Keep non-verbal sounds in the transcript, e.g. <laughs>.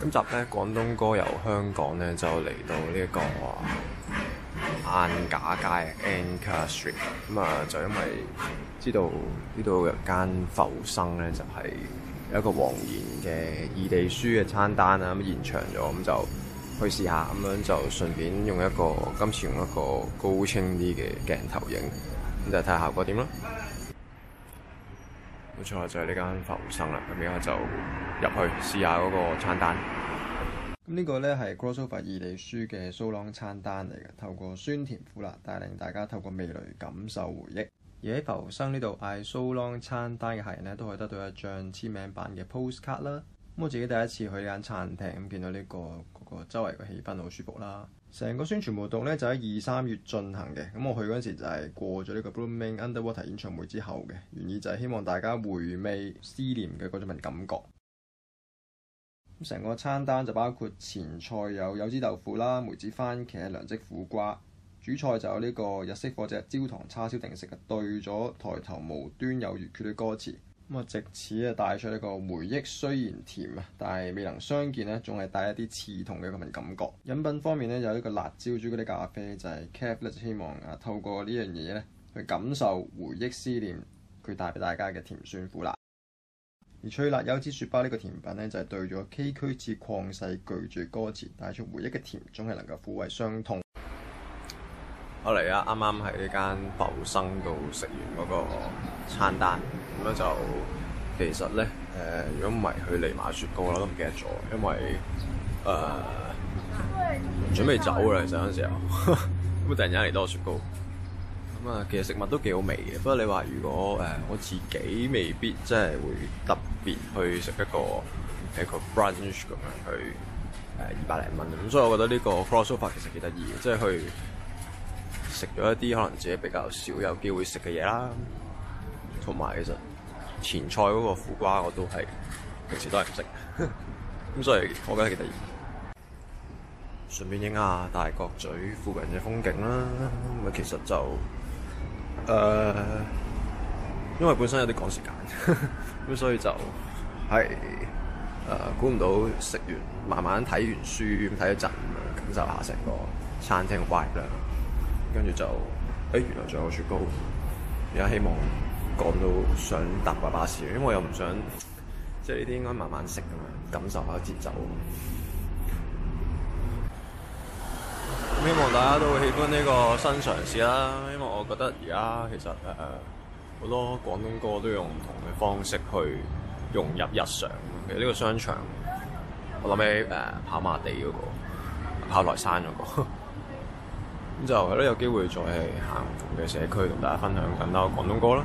今集咧，廣東歌遊香港咧就嚟到呢、這個晏架、啊、街 （Anchor Street）。咁啊、嗯，就因為知道呢度有間浮生咧，就係、是、一個黃妍嘅異地書嘅餐單啊，咁延長咗，咁就去試下咁樣、嗯，就順便用一個今次用一個高清啲嘅鏡頭影，咁、嗯、就睇下效果點啦。好彩就係、是、呢間浮生啦，咁而家就入去試下嗰個餐單。咁呢個咧係 g r o s s o f a 二異地書嘅 So Long 餐單嚟嘅，透過酸甜苦辣帶領大家透過味蕾感受回憶。而喺浮生呢度嗌 So Long 餐單嘅客人咧，都可以得到一張簽名版嘅 postcard 啦。我自己第一次去呢間餐廳咁，見到呢、這個嗰、那個、周圍嘅氣氛好舒服啦。成個宣傳活動呢，就喺二三月進行嘅。咁我去嗰陣時就係過咗呢個《Blooming Underwater》演唱會之後嘅，原意就係希望大家回味思念嘅嗰種感覺。成個餐單就包括前菜有柚子豆腐啦、梅子番茄涼漬苦瓜，主菜就有呢個日式火炙焦糖叉燒定食嘅，對咗抬頭無端有月缺嘅歌詞。咁啊，我藉此啊，帶出呢個回憶，雖然甜啊，但係未能相見呢，仲係帶一啲刺痛嘅嗰份感覺。飲品方面呢，有呢個辣椒朱古力咖啡，就係、是、c a r e l 希望啊，透過呢樣嘢呢，去感受回憶思念，佢帶俾大家嘅甜酸苦辣。 <laughs> 而脆辣柚子雪包呢個甜品呢，就係、是、對咗崎嶇至曠世巨著歌詞帶出回憶嘅甜，總係能夠撫慰傷痛。我嚟啊，啱啱喺呢間浮生度食完嗰個餐單。咁咧就其實咧，誒、呃，如果唔係去嚟買雪糕我都唔記得咗，因為誒、呃、 <music> 準備走啦，其實嗰陣時候，咁啊突然間嚟多個雪糕，咁、嗯、啊其實食物都幾好味嘅，不過你話如果誒、呃、我自己未必即係會特別去食一個係一個 brunch 咁樣去誒二百零蚊，咁、呃、所以我覺得呢個 crossover 其實幾得意嘅，即、就、係、是、去食咗一啲可能自己比較少有機會食嘅嘢啦，同埋其實。前菜嗰個苦瓜我都係平時都係唔食，咁所以我覺得幾得意。順便影下大角咀附近嘅風景啦，咁咪其實就誒、呃，因為本身有啲趕時間，咁所以就係誒估唔到食完慢慢睇完書，睇一陣感受下成個餐廳嘅 vibe 啦，跟住就誒、欸、原來仲有雪糕，而家希望。講到想搭埋巴士，因為我又唔想即係呢啲應該慢慢識㗎嘛，感受下節奏。咁 <laughs> 希望大家都會喜歡呢個新嘗試啦，因為我覺得而家其實誒、呃、好多廣東歌都用唔同嘅方式去融入日常。其實呢個商場，我諗起誒、呃、跑馬地嗰個跑來山嗰個，咁 <laughs> 就係都有機會再去行唔同嘅社區同大家分享更多廣東歌啦。